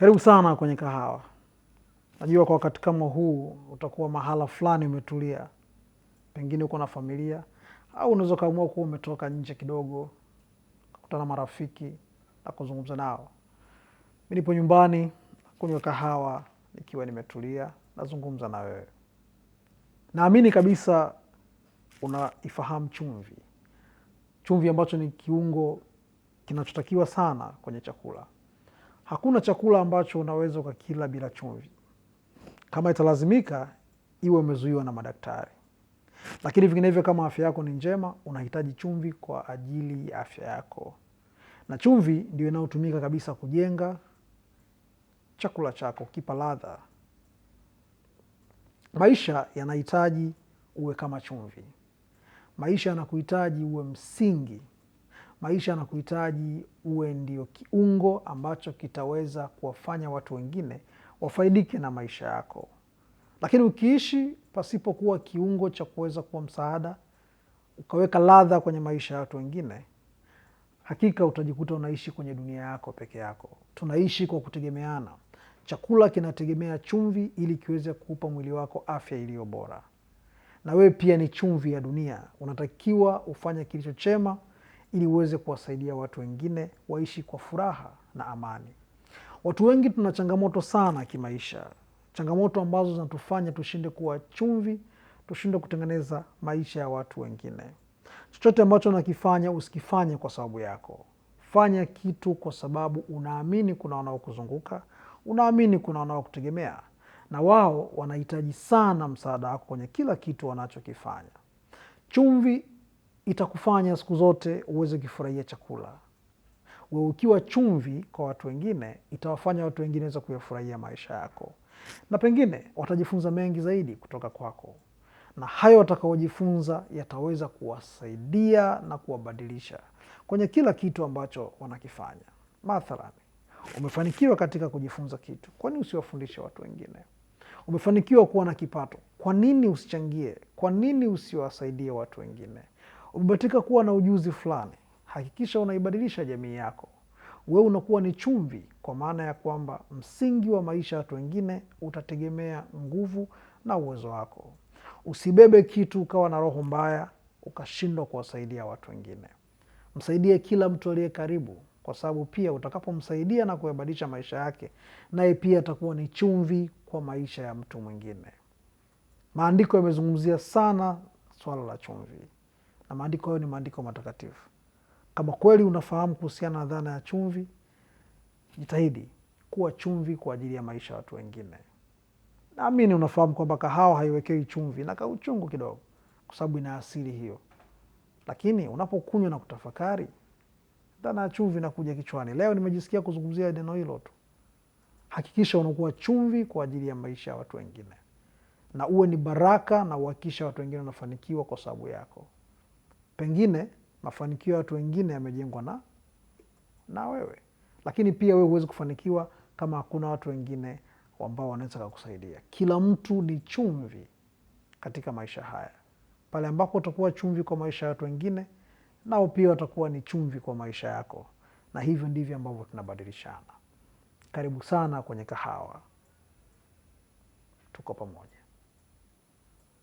Karibu sana kwenye kahawa. Najua kwa wakati kama huu utakuwa mahala fulani umetulia, pengine uko na familia, au unaweza ukaamua kuwa umetoka nje kidogo, kakutana marafiki na kuzungumza nao. Mi nipo nyumbani kunywa kahawa nikiwa nimetulia, nazungumza na wewe. Naamini kabisa unaifahamu chumvi, chumvi ambacho ni kiungo kinachotakiwa sana kwenye chakula. Hakuna chakula ambacho unaweza ukakila bila chumvi. Kama italazimika, iwe umezuiwa na madaktari, lakini vinginevyo, kama afya yako ni njema, unahitaji chumvi kwa ajili ya afya yako, na chumvi ndio inayotumika kabisa kujenga chakula chako, kipa ladha. Maisha yanahitaji uwe kama chumvi. Maisha yanakuhitaji uwe msingi maisha yanakuhitaji uwe ndio kiungo ambacho kitaweza kuwafanya watu wengine wafaidike na maisha yako, lakini ukiishi pasipokuwa kiungo cha kuweza kuwa msaada, ukaweka ladha kwenye maisha ya watu wengine, hakika utajikuta unaishi kwenye dunia yako peke yako. Tunaishi kwa kutegemeana. Chakula kinategemea chumvi ili kiweze kuupa mwili wako afya iliyo bora, na wewe pia ni chumvi ya dunia. Unatakiwa ufanye kilicho chema ili uweze kuwasaidia watu wengine waishi kwa furaha na amani. Watu wengi tuna changamoto sana kimaisha, changamoto ambazo zinatufanya tushinde kuwa chumvi, tushinde kutengeneza maisha ya watu wengine. Chochote ambacho nakifanya usikifanye kwa sababu yako. Fanya kitu kwa sababu unaamini kuna wanaokuzunguka, unaamini kuna wanaokutegemea, na wao wanahitaji sana msaada wako kwenye kila kitu wanachokifanya. Chumvi itakufanya siku zote uweze kufurahia chakula. Wewe ukiwa chumvi kwa watu wengine, itawafanya watu wengine weza kuyafurahia maisha yako, na pengine watajifunza mengi zaidi kutoka kwako, na hayo watakaojifunza yataweza kuwasaidia na kuwabadilisha kwenye kila kitu ambacho wanakifanya. Mathalan, umefanikiwa katika kujifunza kitu, kwa nini usiwafundishe watu wengine? Umefanikiwa kuwa na kipato, kwa nini usichangie? Kwa nini usiwasaidie watu wengine? umebatika kuwa na ujuzi fulani, hakikisha unaibadilisha jamii yako. Wewe unakuwa ni chumvi, kwa maana ya kwamba msingi wa maisha ya watu wengine utategemea nguvu na uwezo wako. Usibebe kitu ukawa na roho mbaya ukashindwa kuwasaidia watu wengine. Msaidie kila mtu aliye karibu, kwa sababu pia utakapomsaidia na kuyabadilisha maisha yake, naye pia atakuwa ni chumvi kwa maisha ya mtu mwingine. Maandiko yamezungumzia sana swala la chumvi na maandiko hayo ni maandiko matakatifu. Kama kweli unafahamu kuhusiana na dhana ya chumvi, jitahidi kuwa chumvi kwa ajili ya maisha ya watu wengine. Naamini unafahamu kwamba kahawa haiwekewi chumvi na kauchungu kidogo, kwa sababu ina asili hiyo. Lakini unapokunywa na kutafakari, dhana ya chumvi inakuja kichwani. Leo nimejisikia kuzungumzia neno hilo tu. Hakikisha unakuwa chumvi kwa ajili ya maisha ya watu wengine, na uwe ni baraka na uhakikisha watu wengine wanafanikiwa kwa sababu yako pengine mafanikio ya watu wengine yamejengwa na, na wewe, lakini pia wewe huwezi kufanikiwa kama hakuna watu wengine ambao wanaweza kukusaidia. Kila mtu ni chumvi katika maisha haya. Pale ambapo utakuwa chumvi kwa maisha ya watu wengine, nao pia watakuwa ni chumvi kwa maisha yako, na hivyo ndivyo ambavyo tunabadilishana. Karibu sana kwenye kahawa, tuko pamoja.